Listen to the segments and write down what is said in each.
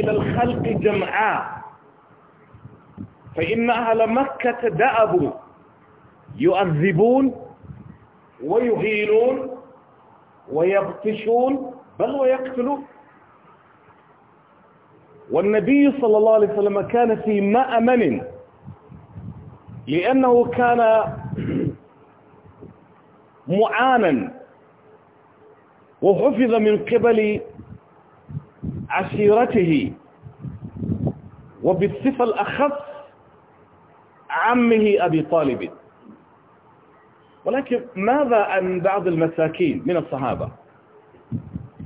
إلى الخلق جمعاء فإن أهل مكة دأبوا يؤذبون ويهينون ويبطشون بل ويقتلون والنبي صلى الله عليه وسلم كان في مأمن لأنه كان معانا وحفظ من قبل عشيرته وبالصفة الأخص عمه أبي طالب ولكن ماذا عن بعض المساكين من الصحابة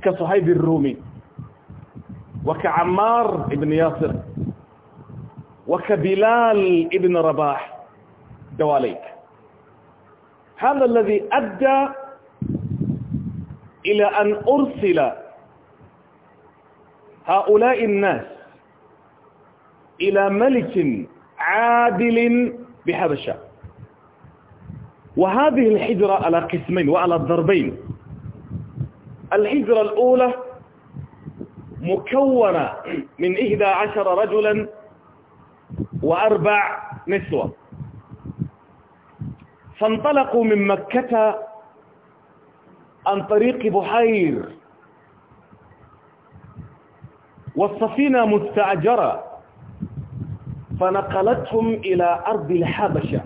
كصهيب الرومي وكعمار بن ياسر وكبلال بن رباح دواليك هذا الذي أدى إلى أن أرسل هؤلاء الناس إلى ملك عادل بحبشة وهذه الحجرة على قسمين وعلى الضربين الحجرة الأولى مكونة من إحدى عشر رجلا وأربع نسوة فانطلقوا من مكة عن طريق بحير والسفينة مستعجرة فنقلتهم إلى أرض الحبشة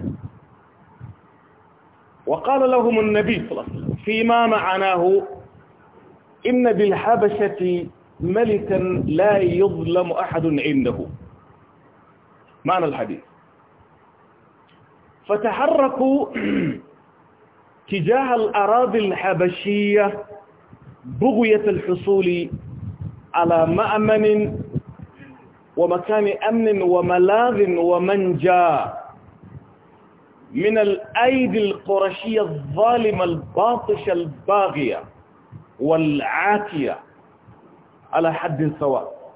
وقال لهم النبي صلى الله عليه وسلم فيما معناه إن بالحبشة ملكا لا يظلم أحد عنده معنى الحديث فتحركوا تجاه الأراضي الحبشية بغية الحصول على مأمن ومكان أمن وملاذ ومنجا من الأيدي القرشية الظالمة الباطشة الباغية والعاتية على حد سواء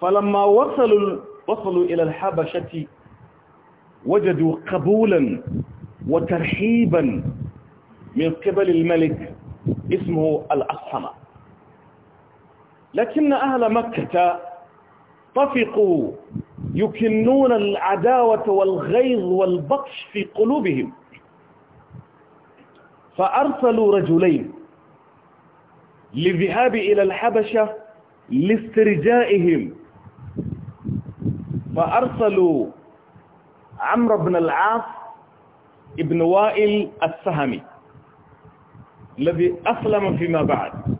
فلما وصلوا وصلوا إلى الحبشة وجدوا قبولا وترحيبا من قبل الملك اسمه الأصحمة لكن أهل مكة طفقوا يكنون العداوة والغيظ والبطش في قلوبهم فأرسلوا رجلين للذهاب إلى الحبشة لاسترجائهم فأرسلوا عمرو بن العاص ابن وائل السهمي الذي أسلم فيما بعد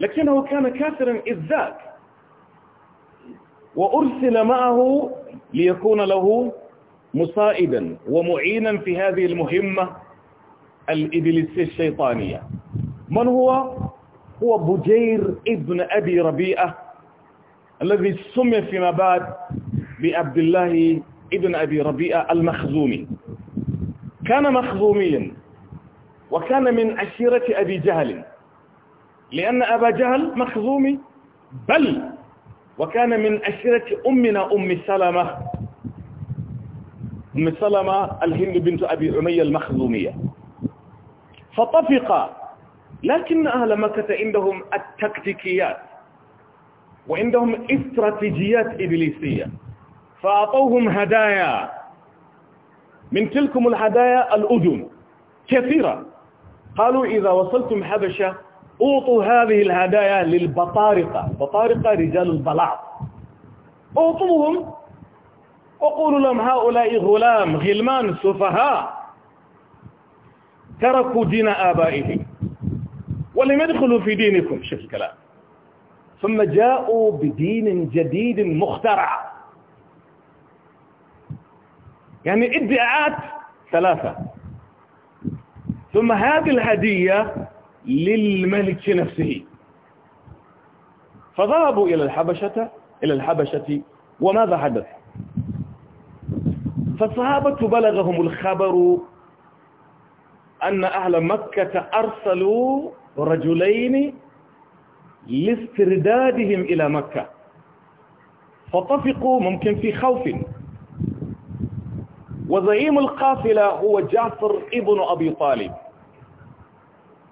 لكنه كان كافرا إذ ذاك وأرسل معه ليكون له مصائدا ومعينا في هذه المهمة الإبليسية الشيطانية من هو؟ هو بجير ابن أبي ربيئة الذي سمي فيما بعد بعبد الله ابن أبي ربيئة المخزومي كان مخزوميا وكان من عشيرة أبي جهل لأن أبا جهل مخزومي بل وكان من أشرة أمنا أم سلمة أم سلمة الهند بنت أبي عمية المخزومية فطفق لكن أهل مكة عندهم التكتيكيات وعندهم استراتيجيات إبليسية فأعطوهم هدايا من تلكم الهدايا الأذن كثيرة قالوا إذا وصلتم حبشة أوطوا هذه الهدايا للبطارقة البطارقة رجال البلاط أوطوهم وقولوا لهم هؤلاء غلام غلمان سفهاء تركوا دين آبائهم ولم يدخلوا في دينكم شوف الكلام ثم جاءوا بدين جديد مخترع يعني ادعاءات ثلاثة ثم هذه الهدية للملك نفسه فذهبوا إلى الحبشة إلى الحبشة وماذا حدث فالصحابة بلغهم الخبر أن أهل مكة أرسلوا رجلين لاستردادهم إلى مكة فطفقوا ممكن في خوف وزعيم القافلة هو جعفر ابن أبي طالب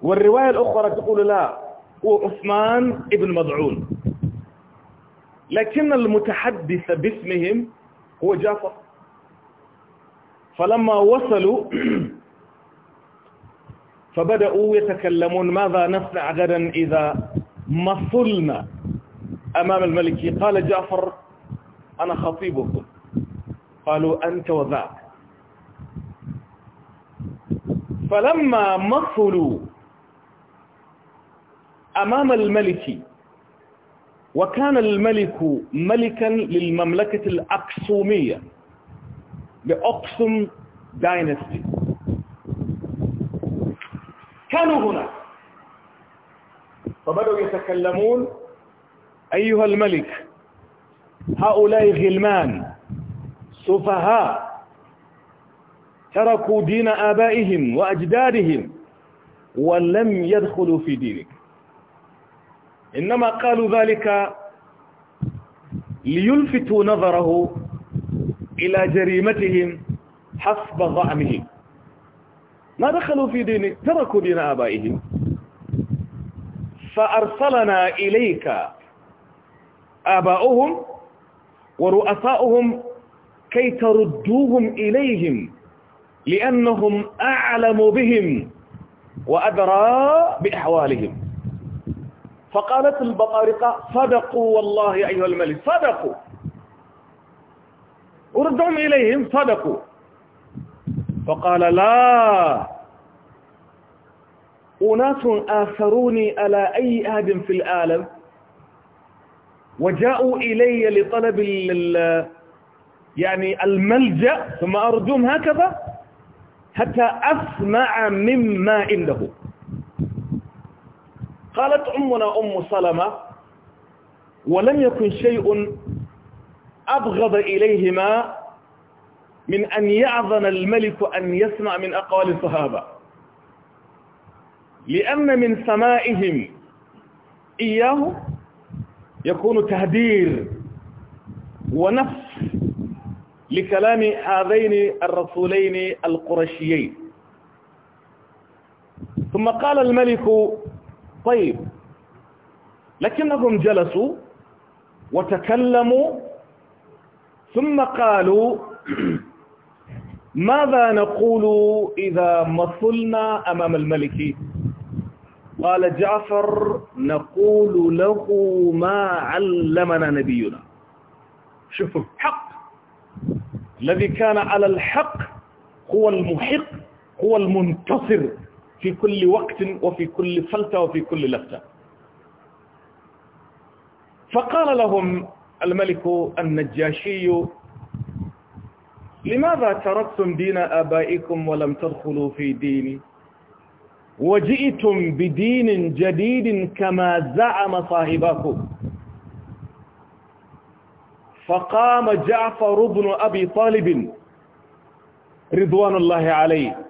والرواية الأخرى تقول لا هو عثمان ابن مضعون لكن المتحدث باسمهم هو جعفر فلما وصلوا فبدأوا يتكلمون ماذا نصنع غدا إذا مصلنا أمام الملك قال جعفر أنا خطيبكم قالوا أنت وذاك فلما مصلوا أمام الملك وكان الملك ملكا للمملكة الأقصومية لأقسم داينستي كانوا هنا فبدأوا يتكلمون أيها الملك هؤلاء غلمان سفهاء تركوا دين آبائهم وأجدادهم ولم يدخلوا في دينك إنما قالوا ذلك ليلفتوا نظره إلى جريمتهم حسب ظأمه ما دخلوا في دينه تركوا دين آبائهم فأرسلنا إليك آباؤهم ورؤساؤهم كي تردوهم إليهم لأنهم أعلم بهم وأدرى بأحوالهم فقالت البطارقة صدقوا والله أيها الملك صدقوا أردهم إليهم صدقوا فقال لا أناس آثروني على أي أحد في العالم وجاءوا إلي لطلب يعني الملجأ ثم أردهم هكذا حتى أسمع مما عنده قالت أمنا أم سلمة ولم يكن شيء أبغض إليهما من أن يعظن الملك أن يسمع من أقوال الصحابة لأن من سمائهم إياه يكون تهدير ونفس لكلام هذين الرسولين القرشيين ثم قال الملك طيب لكنهم جلسوا وتكلموا ثم قالوا ماذا نقول إذا مثلنا أمام الملك قال جعفر نقول له ما علمنا نبينا شوفوا الحق الذي كان على الحق هو المحق هو المنتصر في كل وقت وفي كل فلتة وفي كل لفتة فقال لهم الملك النجاشي لماذا تركتم دين آبائكم ولم تدخلوا في ديني وجئتم بدين جديد كما زعم صاحبكم فقام جعفر بن أبي طالب رضوان الله عليه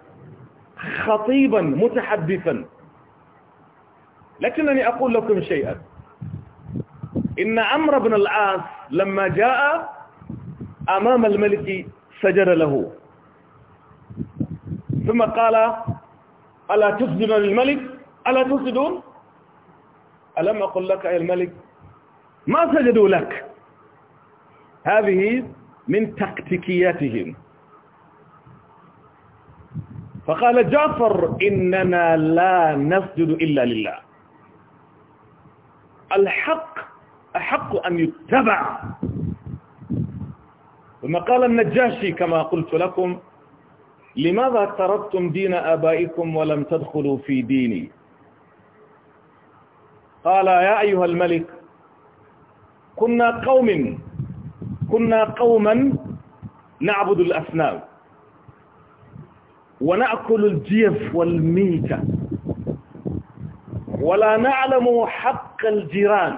خطيبا متحدثا لكنني أقول لكم شيئا إن عمرو بن العاص لما جاء أمام الملك سجد له ثم قال ألا تسجدون للملك ألا تسجدون ألم أقل لك يا الملك ما سجدوا لك هذه من تكتيكياتهم فقال جعفر إننا لا نسجد إلا لله الحق أحق أن يتبع ثم قال النجاشي كما قلت لكم لماذا تركتم دين آبائكم ولم تدخلوا في ديني قال يا أيها الملك كنا قوم كنا قوما نعبد الأصنام ونأكل الجيف والميتة ولا نعلم حق الجيران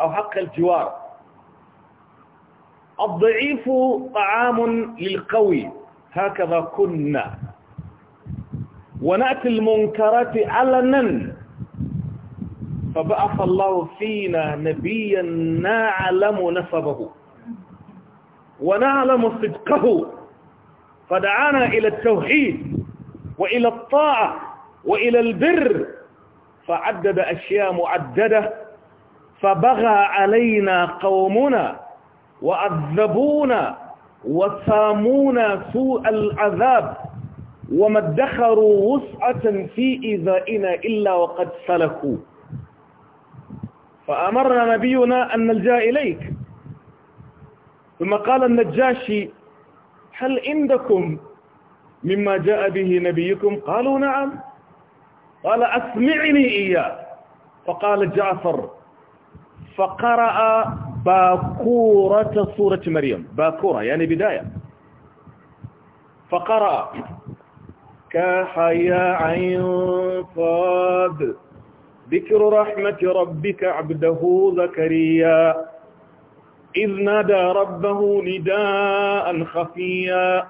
أو حق الجوار الضعيف طعام للقوي هكذا كنا ونأتي المنكرات علنا فبعث الله فينا نبيا نعلم نسبه ونعلم صدقه فدعانا إلى التوحيد وإلى الطاعة وإلى البر فعدد أشياء معددة فبغى علينا قومنا وعذبونا وسامونا سوء العذاب وما ادخروا وسعة في إذائنا إلا وقد سلكوا فأمرنا نبينا أن نلجأ إليك ثم قال النجاشي هل عندكم مما جاء به نبيكم قالوا نعم قال أسمعني إياه فقال جعفر فقرأ باكورة سورة مريم باكورة يعني بداية فقرأ كحيا عين صاد ذكر رحمة ربك عبده زكريا إذ نادى ربه نداء خفيا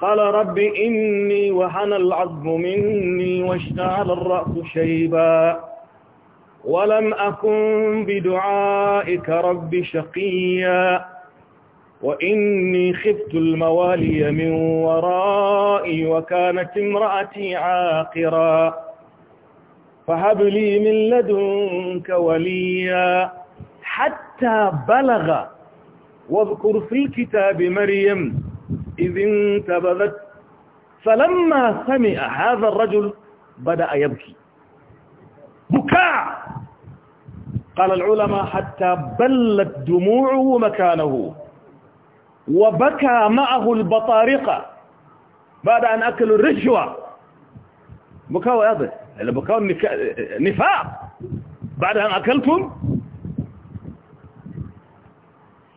قال رب إني وحن العظم مني واشتعل الرأس شيبا ولم أكن بدعائك رب شقيا وإني خفت الموالي من ورائي وكانت امرأتي عاقرا فهب لي من لدنك وليا حتى بلغ واذكر في الكتاب مريم إذ انتبذت فلما سمع هذا الرجل بدأ يبكي بكاء قال العلماء حتى بلت دموعه مكانه وبكى معه البطارقة بعد أن أكلوا الرشوة بكاء هذا يعني بكاء النفاق بعد أن أكلتم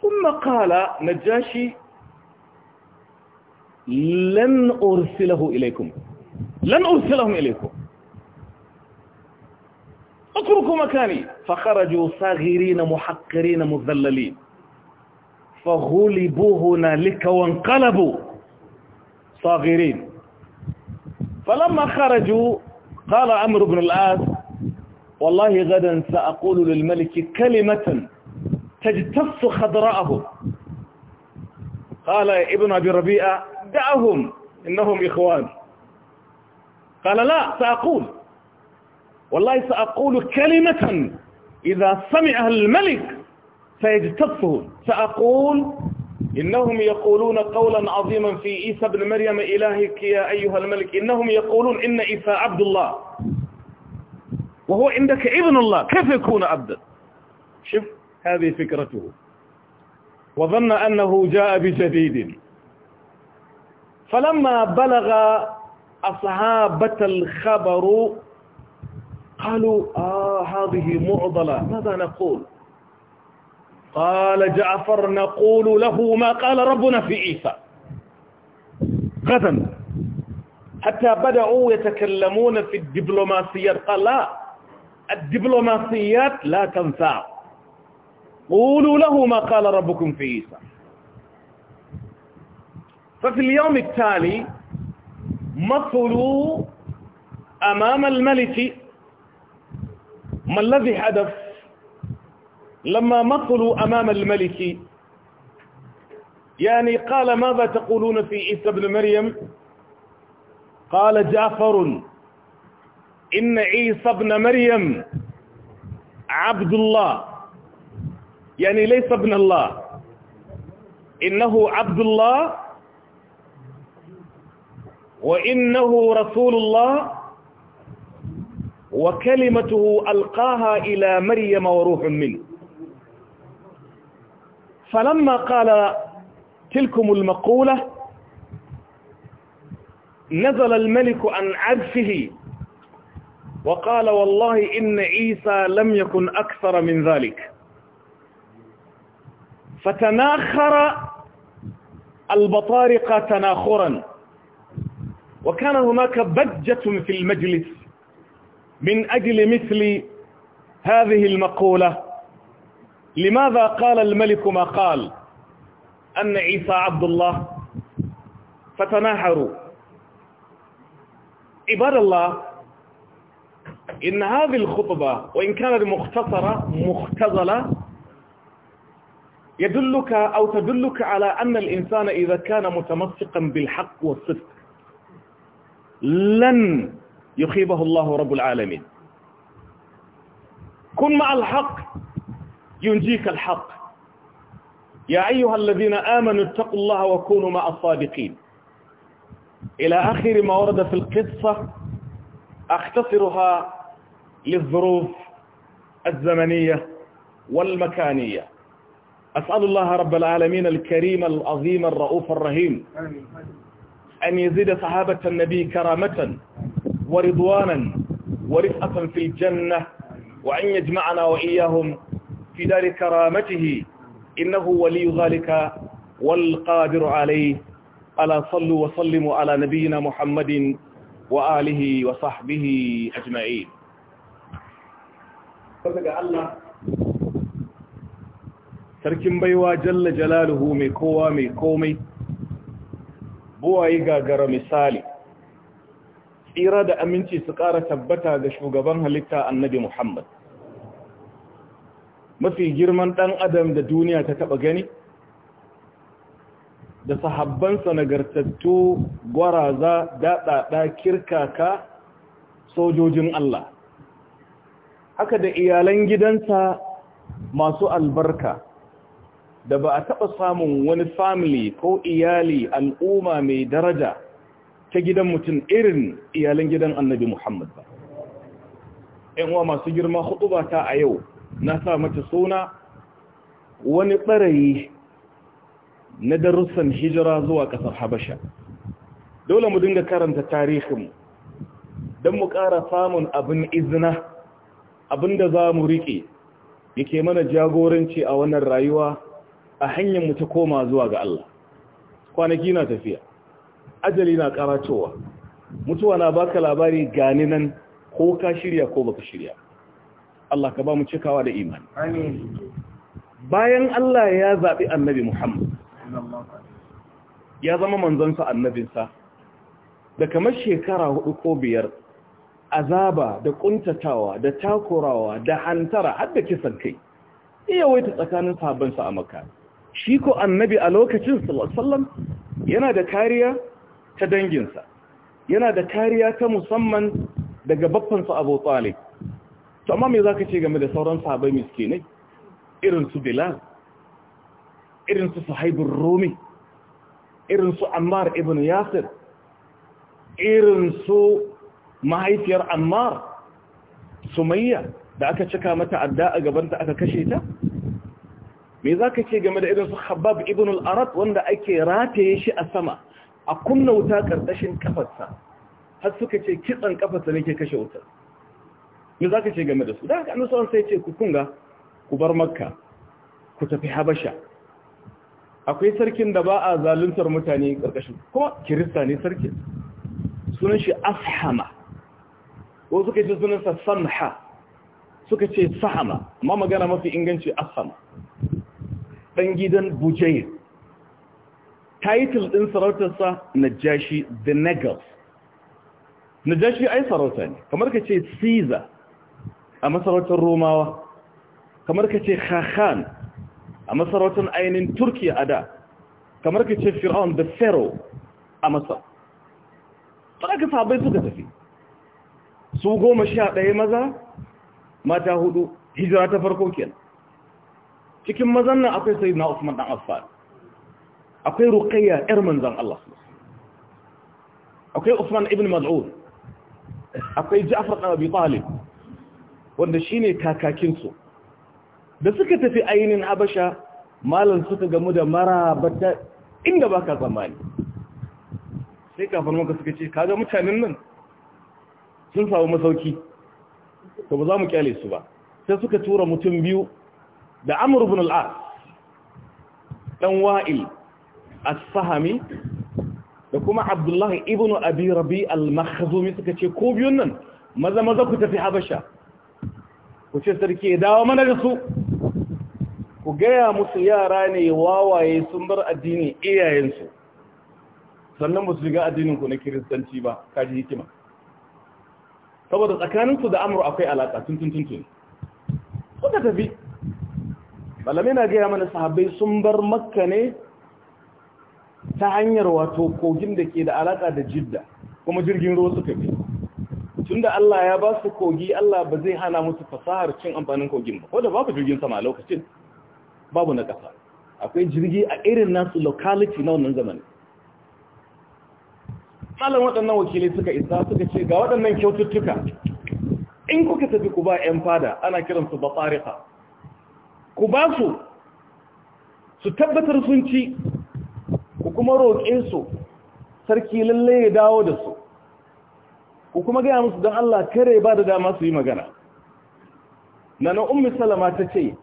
ثم قال نجاشي لن أرسله إليكم لن أرسلهم إليكم اتركوا مكاني فخرجوا صاغرين محقرين مذللين فغلبوا هنالك وانقلبوا صاغرين فلما خرجوا قال عمرو بن العاص والله غدا سأقول للملك كلمة تجتص خضراءه قال ابن أبي ربيعة دعهم إنهم إخوان قال لا سأقول والله سأقول كلمة إذا سمعها الملك سيجتصه سأقول إنهم يقولون قولا عظيما في عيسى بن مريم إلهك يا أيها الملك إنهم يقولون إن عيسى عبد الله وهو عندك ابن الله كيف يكون عبدا شوف هذه فكرته وظن أنه جاء بجديد فلما بلغ أصحابة الخبر قالوا آه هذه معضلة ماذا نقول قال جعفر نقول له ما قال ربنا في عيسى غدا حتى بدأوا يتكلمون في الدبلوماسيات قال لا الدبلوماسيات لا تنفع قولوا له ما قال ربكم في عيسى ففي اليوم التالي مثلوا أمام الملك ما الذي حدث لما مثلوا أمام الملك يعني قال ماذا تقولون في عيسى بن مريم قال جعفر إن عيسى بن مريم عبد الله يعني ليس ابن الله إنه عبد الله وإنه رسول الله وكلمته ألقاها إلى مريم وروح منه فلما قال تلكم المقولة نزل الملك عن عرشه وقال والله إن عيسى لم يكن أكثر من ذلك فتناخر البطارقة تناخرا وكان هناك بجة في المجلس من أجل مثل هذه المقولة لماذا قال الملك ما قال أن عيسى عبد الله فتناحروا عباد الله إن هذه الخطبة وإن كانت مختصرة مختزلة يدلك أو تدلك على أن الإنسان إذا كان متمسقا بالحق والصدق لن يخيبه الله رب العالمين كن مع الحق ينجيك الحق يا أيها الذين آمنوا اتقوا الله وكونوا مع الصادقين إلى آخر ما ورد في القصة أختصرها للظروف الزمنية والمكانية أسأل الله رب العالمين الكريم العظيم الرؤوف الرحيم أن يزيد صحابة النبي كرامة ورضوانا ورفقة في الجنة وأن يجمعنا وإياهم في دار كرامته إنه ولي ذلك والقادر عليه ألا صلوا وسلموا على نبينا محمد وآله وصحبه أجمعين. sarkin baiwa jalla jalaluhu mai kowa mai komai buwaye gagara misali tsira da aminci su ƙara tabbata ga shugaban halitta annabi Muhammad mafi girman ɗan adam da duniya ta taɓa gani da sahabbansa nagartattu gwaraza daɗaɗa kirkaka sojojin Allah haka da iyalan gidansa masu albarka da ba a taɓa samun wani family ko iyali al'umma mai daraja ta gidan mutum irin Iyalin gidan annabi Muhammad ba. ‘Yan'uwa masu girma hudu ba ta a yau na sa mata suna wani ɓarayi na darussan hijira zuwa ƙasar Habasha. Dole mu dinga karanta tarihinmu don mu ƙara samun abin izina abin da za mu riƙe yake mana jagoranci a wannan rayuwa a hanyar mu ta koma zuwa ga Allah kwanaki na tafiya ajali na karatowa mutuwa na baka labari gani nan ko ka shirya ko baka shirya Allah ka ba mu cikawa da imani bayan Allah ya zabi annabi Muhammad ya zama manzansa annabinsa da kamar shekara hudu ko biyar azaba da kuntatawa da takurawa da hantara har da kisan kai iya waita tsakanin sabonsa a makka shi ko annabi a lokacin sallallahu yana da kariya ta danginsa yana da kariya ta musamman daga babbansa Abu Talib to amma me zaka ce game da sauran sahabbai miskinai irin su Bilal irin su Rumi irin Ammar ibn Yasir irin mahaifiyar Ammar Sumayya da aka cika mata adda a gabanta aka kashe ta me za ka ce game da irin su habab ibn al wanda ake rataye shi a sama a kunna wuta ƙarƙashin kafarsa har suka ce kitsan kafarsa ne ke kashe wutar me za ka ce game da su da haka annabi sallallahu alaihi sai ce ku kunga ku bar makka ku tafi habasha akwai sarkin da ba a zaluntar mutane ƙarƙashin kuma kirista ne sarkin sunan shi afhama, ko suka ce sunansa samha suka ce sahama amma magana mafi inganci afhama. ɗan gidan Bujayi, title ɗin sarautarsa najashi the negus najashi ai sarauta ne kamar ka ce caesar a masarautar romawa kamar ka ce Khakhan a masarautar ainihin turkiya a da kamar ka ce fir'aun da pharaoh a masar tsaka sabai suka tafi su goma sha ɗaya maza mata hudu hijira ta farko kenan cikin mazan nan akwai sai na Usman dan Affan akwai Ruqayyah ƴar manzon Allah akwai Usman ibn Maz'ud akwai Ja'far ibn Abi Talib wanda shine kakakin su da suka tafi ayinin Habasha malan suka gamu da marabata inda baka zamani sai kafin muka suka ce kaga mutanen nan sun samu masauki to ba za mu kyale su ba sai suka tura mutum biyu da amru ibn ɗan wa'il as da kuma abdullahi ibn abi rabi al-makhzumi suka ce ko biyun nan maza maza ku tafi habasha ku ce sarki ya dawo mana da su ku gaya musu yara ne wawaye sun bar addini iyayensu sannan ba su shiga addininku na kiristanci ba kaji hikima saboda tsakaninsu da amur akwai alaƙa tun tun tun tun suka tafi malamai na gaya mana sahabbai sun bar makka ne ta hanyar wato kogin da ke da alaka da jidda kuma jirgin ruwa suka bi da Allah ya ba su kogi Allah ba zai hana musu fasahar cin amfanin kogin ba ko da babu jirgin sama a lokacin babu na ƙasa akwai jirgi a irin nasu locality na wannan zamani malam waɗannan wakilai suka isa suka ce ga waɗannan kyaututtuka in kuka tafi ku ba 'yan fada ana kiransu ba tsarika ku ba su su tabbatar sun ci ku kuma roƙe su sarki lalle ya dawo da su ku kuma gaya musu don Allah kare ba da dama su yi magana nana ummi salama ta ce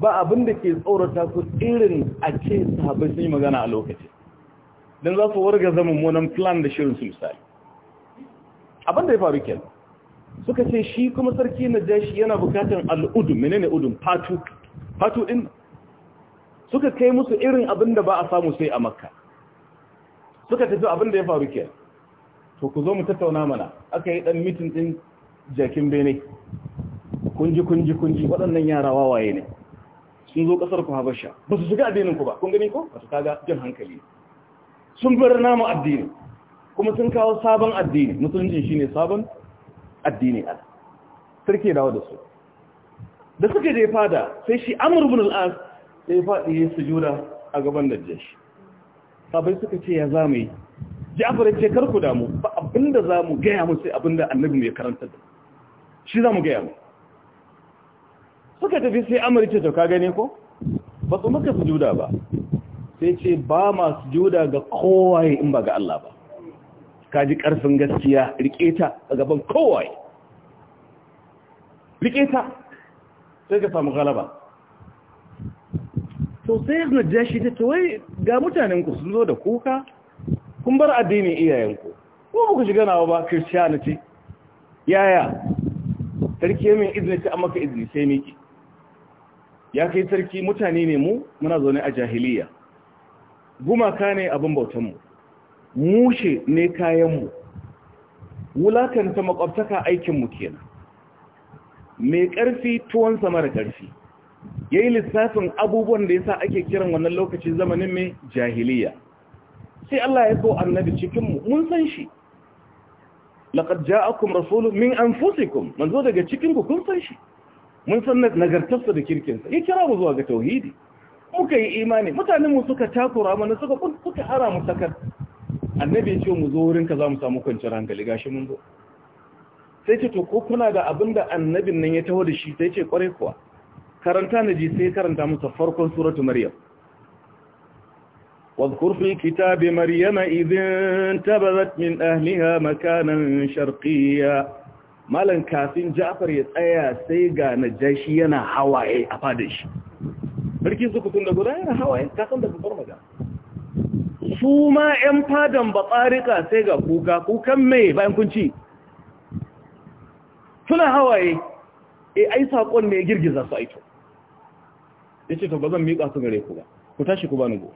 ba abin da ke tsorata su irin a ce sahabbai sun yi magana a lokaci don za su warga zama munan plan da shirin su misali abin da ya faru kyan suka ce shi kuma sarki na jashi yana bukatar aludu menene udun fatu fatu din suka kai musu irin abin da ba a samu sai a makka suka tafi abin da ya faru ke to ku zo mu tattauna mana aka yi dan mitin din jakin bene kunji kunji kunji waɗannan yara wawaye ne sun zo ƙasar ku habasha ba su shiga addinin ku ba kun gani ko ba su kaga jin hankali sun bar namu addini kuma sun kawo sabon addini musulunci shine sabon addini ala sarki dawo da su da suka je fada sai shi amur bin al'as sai ya faɗi ya jura a gaban najjashi sabai suka ce ya za mu yi ja'afar ya ce karku damu ba abinda za mu gaya mu sai abinda annabi mai ya karanta da shi za mu gaya mu suka tafi sai amur ce to ka gane ko ba su maka juda ba sai ce ba ma juda ga kowaye in ba ga Allah ba ka ji ƙarfin gaskiya riƙe ta a gaban kowaye riƙe ta sai ka samu galaba to sai na jashi ta tawai ga mutanenku sun zo da kuka kun bar addinin iyayenku ko ku shiga nawa ba christianity yaya sarki ya min izini ta maka izini sai miki ya kai sarki mutane ne mu muna zaune a jahiliya gumaka ne abin bautanmu mushe ne kayanmu wulakanta makwabtaka aikinmu kenan mai ƙarfi tuwonsa mara ƙarfi ya yi lissafin abubuwan da ya sa ake kiran wannan lokacin zamanin mai jahiliya sai Allah ya so annabi cikinmu mun san shi laqad ja'akum rasulun min anfusikum zo daga cikinku kun san shi mun san nagartarsa da kirkinsa ya kira mu zuwa ga tauhidi muka yi imani mutanen mu suka takura mana suka suka hara mu sakar annabi ya ce mu zo wurinka za mu samu kwanciyar hankali gashi mun zo sai ce to kuna da abin da annabin nan ya taho da shi sai ce kware kuwa karanta na ji sai karanta musu farkon suratu maryam wadhkur fi kitabi Maryam, idhin tabadat min ahliha makanan sharqiyya malan kafin ja'far ya tsaya sai ga najashi yana hawaye a fadin shi barki su kutun da guda yana hawaye ka san da ku farma ga su ma yan fadan batsarika sai ga kuka kukan mai bayan kunci. suna hawaye e ai saƙon ne ya girgiza su aito ya ce to ba zan miƙa su gare ku ba ku tashi ku bani go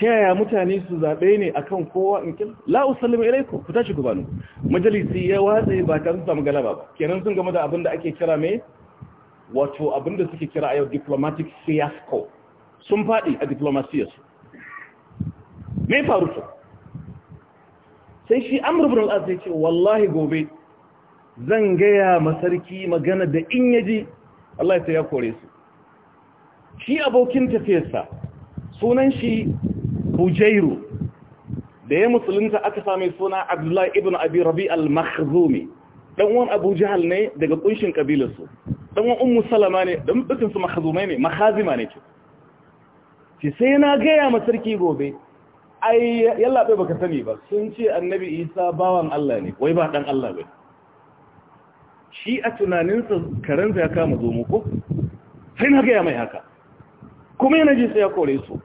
ta yaya mutane su zaɓe ne a kan kowa in kin La'u salimu ilaiku ku tashi ku bani majalisi ya watsa ba ta da samu galaba ba kenan sun game da abin da ake kira mai, wato abin da suke kira a yau diplomatic fiasco sun faɗi a diplomasiyar su me faru su? sai shi Amurbin Al'adu ya ce wallahi gobe zan gaya masarki magana da in yaji Allah ya ya kore su shi abokin tafiyarsa sunan shi Bujairu da ya musulunta aka same suna Abdullahi ibn Abi Rabi al-Makhzumi dan Abu jihal ne daga kunshin kabilarsu dan wani Ummu Salama ne da dukkan su makhzumai ne makhazima ne ce sai na gaya masarki gobe ai ba baka sani ba sun ce annabi Isa bawan Allah ne wai ba ɗan Allah ne. shi a tunaninsa karensa ya kama zomo ko sai na gaya mai haka kuma yana jinsa ya kore su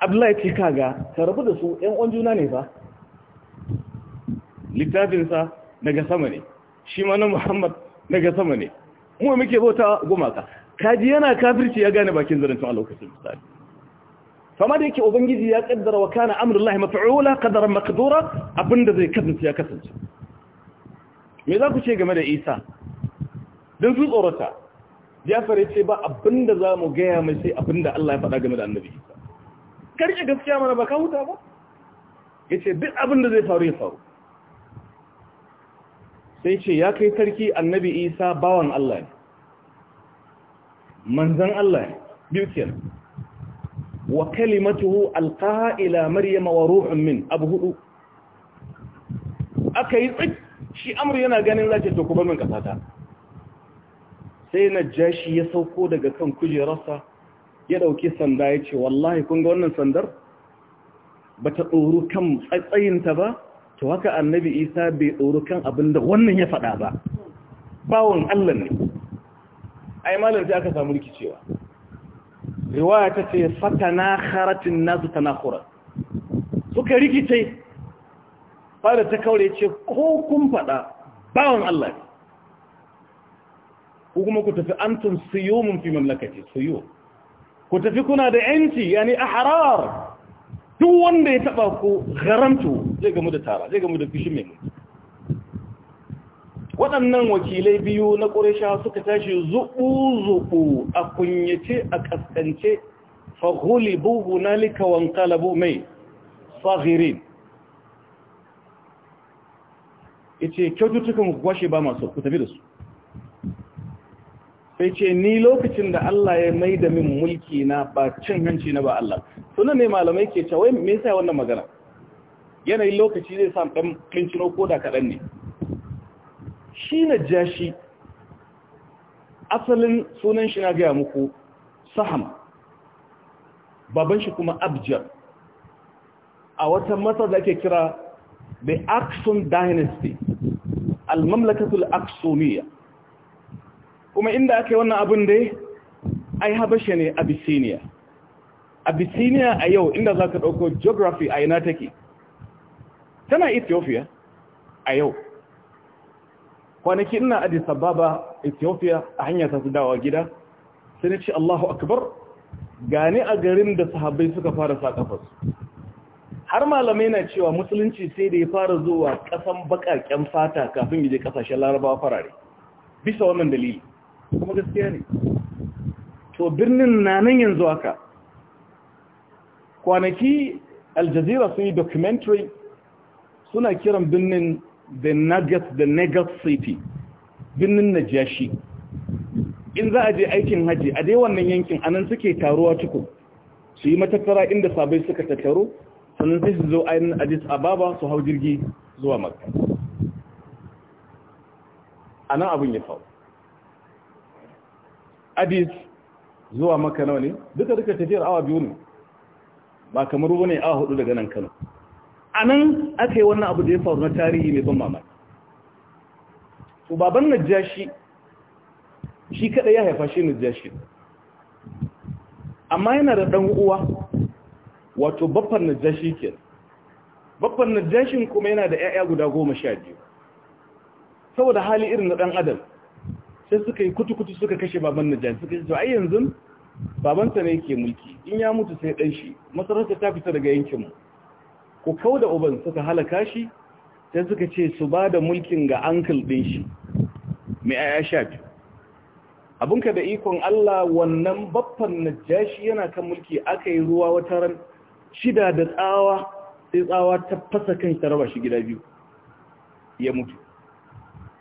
abdullahi ce kaga ka rabu da su ‘yan uwan juna ne ba littafinsa daga sama ne shi ma na muhammad daga sama ne kuma muke bauta gumaka kaji yana kafirci ya gane bakin zarancin a lokacin misali fama da yake ubangiji ya kaddara wa kana amrullahi mafi'ula qadaran maqdura abinda zai kasance ya kasance me za ku ce game da isa don su tsorata ya ya ce ba abinda za mu gaya mai sai abinda Allah ya faɗa game da annabi isa karki gaskiya mana ba ka huta ba ya ce duk abinda zai faru ya faru sai ce ya kai sarki annabi isa bawan Allah ne manzan Allah ne dukiyar kenan wa kalimatuhu alqaha ila maryama wa ruhun min abu hudu aka yi tsit shi amur yana ganin za to ku bar min kasata sai na jashi ya sauko daga kan kujerarsa ya dauki sanda ya ce wallahi kun ga wannan sandar ba ta tsoro kan tsayinta ba to haka annabi isa bai tsoro kan abin da wannan ya faɗa ba bawon allah ne yi malar sai aka samu rikicewa riwaya ta ce na haratin nasu kura suka rikice fara ta kaure ce ko kun faɗa bawan Allah ne ku kuma ku tafi antum suyumun fi mamlakati suyum ku tafi kuna da yanci yani ahrar duk wanda ya taba ku garamtu zai gamu da tara zai gamu da fishin mai mutu waɗannan wakilai biyu na ƙuresha suka tashi zuɓu-zuɓu a kunyace a ƙasƙance fahuli buhu na likawan kalabu mai tsagirin ce kyaututtukan ku ba masu ku tafi da su sai ce ni lokacin da Allah ya mai da min mulki na ba cin hanci na ba Allah sunan ne malamai ke cewa me yasa wannan magana yanayin lokaci zai sa dan kincino ko da kadan ne shi na jashi asalin sunan shi na ga muku saham baban shi kuma abjar a wata matsa da ake kira the Axon dynasty al-mamlakatul aksuniya kuma inda ake wannan abin da ai habashe ne abyssinia abyssinia a yau inda za ka ɗauko geography a yana take tana ethiopia a yau kwanaki ina addis ababa ethiopia a hanyar ta su dawa gida sai na ce allahu akbar gane a garin da sahabbai suka fara sa kafarsu har malamai na cewa musulunci sai da ya fara zuwa kasan bakaken fata kafin je kasashen larabawa farare bisa wannan dalili kuma gaskiya ne to birnin na nan yanzu haka kwanaki Aljazeera sun yi documentary suna kiran birnin the nugget the nugget city birnin najashi in za a je aikin haji a dai wannan yankin anan suke taruwa tukun su yi matattara inda sabai suka tattaro sannan sai su zo ainihin addis ababa su hau jirgi zuwa makka a nan abin ya faru addis zuwa makka nawa ne duka duka tafiyar awa biyu ne ba kamar wani awa hudu daga nan kano a nan aka yi wannan abu da ya faru na tarihi mai ban mamaki to baban najashi shi kada ya haifa shi najashi amma yana da ɗan uwa wato baffan najashi ke baffan najashin kuma yana da 'ya'ya guda goma sha biyu saboda hali irin na ɗan adam sai suka yi kutu-kutu suka kashe baban najashi suka yi ai yanzu babansa ne ke mulki in ya mutu sai ɗan shi masararsa ta fita daga yankinmu ku kau da uban suka halaka shi sai suka ce su ba da mulkin ga ankil ɗin shi mai 'ya'ya sha biyu abinka da ikon Allah wannan baffan najashi yana kan mulki aka yi ruwa wata ran shida da tsawa sai tsawa ta fasa kan ta raba shi gida biyu ya mutu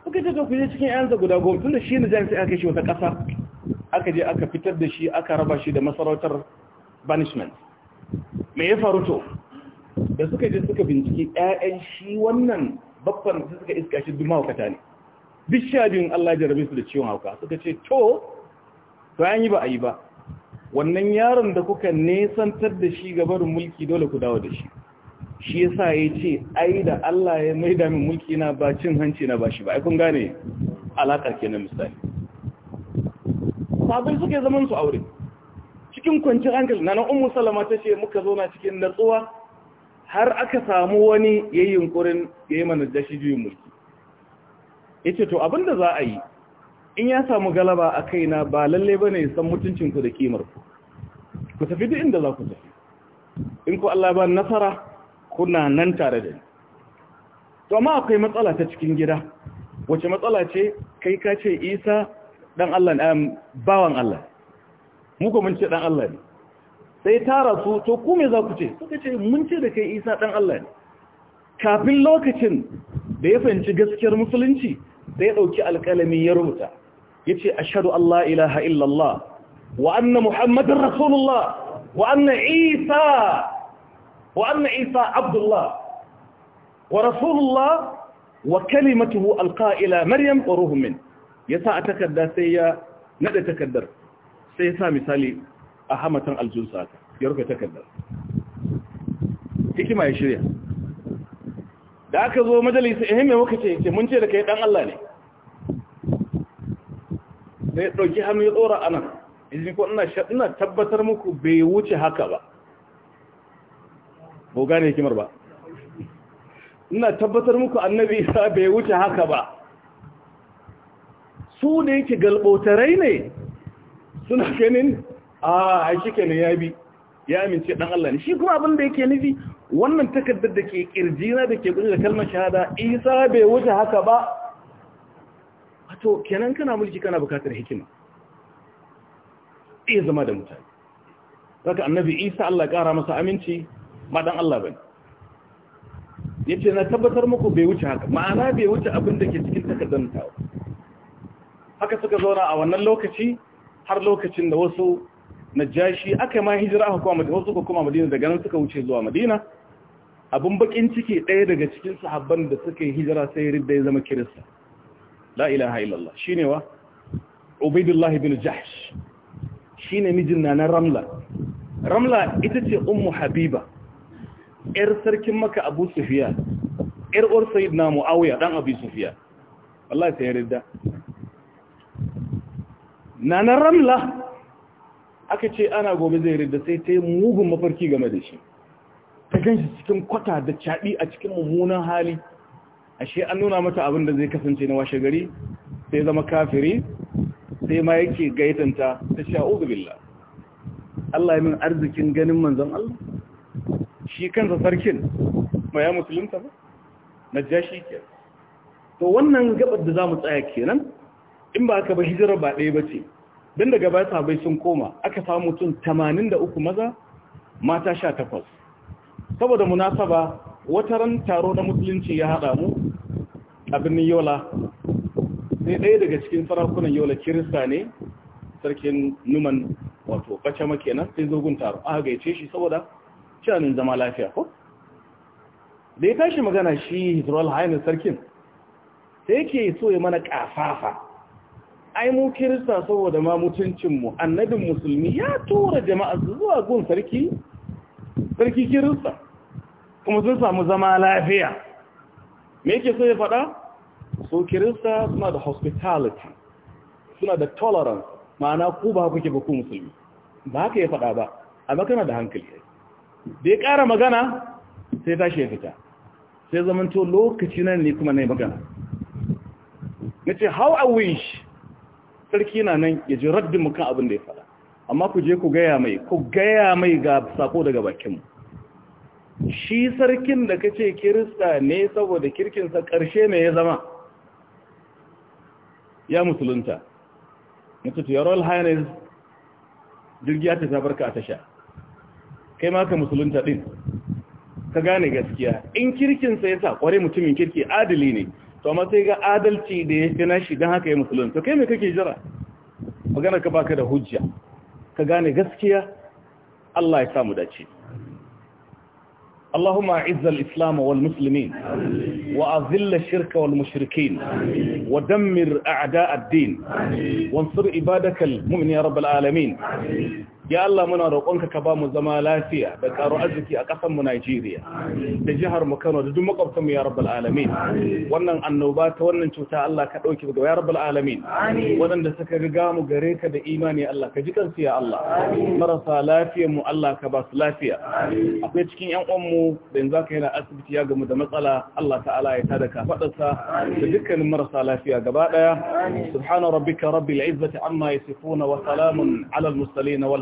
suka ce ku je cikin yansa guda goma tun da shi na jami'ai aka shi wata ƙasa aka je aka fitar da shi aka raba shi da masarautar banishment me ya faru to da suka je suka binciki ƴaƴan shi wannan babban da suka iska shi duk mahaukata ne duk biyun Allah ya jarabe su da ciwon hauka suka ce to to an yi ba a yi ba wannan yaron da kuka nesantar da shi gabar mulki dole ku dawo da shi shi yasa ya ce ai da Allah ya da min mulki na ba cin hanci na ba shi ba ai kun gane alaka kenan misali sabin suke zaman su aure cikin kwanciyar hankali na nan ummu salama ta ce muka zauna cikin natsuwa har aka samu wani yayin yunkurin ya mana da shi juyin mulki yace to abinda za a yi in ya samu galaba a kaina ba lalle ba ne san mutuncinku da kimar ku ku tafi duk inda za ku tafi in ku Allah ba nasara kuna nan tare da ni to amma akwai matsala ta cikin gida wace matsala ce kai ka ce Isa dan Allah ne bawan Allah mu ko mun ce dan Allah ne sai tara su to ku me za ku ce suka ce mun ce da kai Isa dan Allah ne kafin lokacin da ya fahimci gaskiyar musulunci sai ya dauki alƙalami ya rubuta yace ashhadu an la ilaha illallah wa anna muhammadar rasulullah wa anna isa wa anna isa abdullah wa rasulullah wa kalimatuhu alqa'ila maryam wa ruhum min yasa atakadda sai ya nada takaddar sai ya sa misali a hamatan aljunsa ya rufe takaddar hikima ya shirya da aka zo majalisa ehimme muka ce mun ce da kai dan Allah ne sai ya ɗauki hannu ya tsora a nan izini ko ina tabbatar muku bai wuce haka ba ko gane hikimar ba ina tabbatar muku annabi isa bai wuce haka ba su da yake galbautarai ne suna ganin a ke ne ya bi ya amince dan Allah ne shi kuma abin da yake nufi wannan takardar da ke kirjina da ke kunshe da kalmar shahada isa bai wuce haka ba to kenan kana mulki kana bukatar hikima iya zama da mutane zaka annabi isa Allah kara masa aminci ba dan Allah bane yace na tabbatar muku bai wuce haka ma'ana bai wuce abin da ke cikin takaddan haka suka zauna a wannan lokaci har lokacin da wasu najashi aka ma hijira aka kuma wasu suka kuma madina daga nan suka wuce zuwa madina abun bakin ciki ɗaya daga cikin sahabban da suka yi hijira sai ridda ya zama kirista la ilaha illallah shine wa ubaidullah bin jahsh shine mijin na na ramla ramla ita ce ummu habiba yar sarkin maka abu sufiya yar uwar sayyidina muawiya dan abu sufiya Allah ya yarda na na ramla aka ce ana gobe zai yarda sai ta yi mugun mafarki game da shi ta ganshi cikin kwata da caɗi a cikin mummunan hali ashe an nuna mata abin da zai kasance na washe gari sai zama kafiri sai ma yake gaitanta ta sha'udu billah Allah ya min arzikin ganin manzon Allah shi kansa sarkin ma ya musulunta ba najashi ke to wannan gabar da zamu tsaya kenan in ba aka ba hijira ba ɗaya bace dan daga baya bai sun koma aka samu mutum 83 maza mata 18 saboda munasaba wataran taro na musulunci ya haɗa mu Abin birnin yola sai ɗaya daga cikin sarakunan yola kirista ne sarkin numan wato bacama kenan sai zogun taro aka gaice shi saboda shanin zama lafiya ko da ya tashi magana shi hidrol highness sarkin sai yake so ya mana kafafa ai mu kirista saboda ma mutuncin mu, annabin musulmi ya tura jama'a zuwa gun sarki sarki kirista kuma sun samu zama lafiya me yake so ya faɗa so kirista suna da hospitality suna da tolerance ma'ana ku ba kuke ba ku musulmi ba haka ya faɗa ba amma makana da hankali da ya ƙara magana sai tashi ya fita sai zamanto lokaci nan ne kuma na yi magana na ce how i wish sarki na nan ya ji raddin mukan abin da ya faɗa amma ku je ku gaya mai ku gaya mai ga sako daga bakinmu shi sarkin da ka ce kirista ne saboda kirkinsa ƙarshe ne ya zama ya musulunta mutu to your royal highness jirgiya ta zabarka a tasha kai ma ka musulunta ɗin? ka gane gaskiya in kirkinsa ya sa ƙware mutumin kirki adali ne to amma sai ga adalci da ya fi nashi don haka ya musulunta kai me kake jira magana ka baka da hujja ka gane gaskiya Allah ya samu dace اللهم أعز الإسلام والمسلمين وأذل الشرك والمشركين ودمر أعداء الدين وانصر عبادك المؤمن يا رب العالمين ya Allah muna roƙonka ka ba mu zama lafiya da ƙaro arziki a ƙasar mu Najeriya da jihar mu Kano da duk makwabtan mu ya rabbal alamin wannan annoba ta wannan cuta Allah ka dauke daga ya rabbal alamin waɗanda suka riga mu gare ka da imani Allah ka ji kansu ya Allah marasa lafiya mu Allah ka ba su lafiya akwai cikin yan uwan mu da yanzu ka yana asibiti ya gamu da matsala Allah ta'ala ya tada kafadarsa da dukkanin marasa lafiya gaba daya subhana rabbika rabbil izzati amma yasifuna wa salamun alal mursalin wal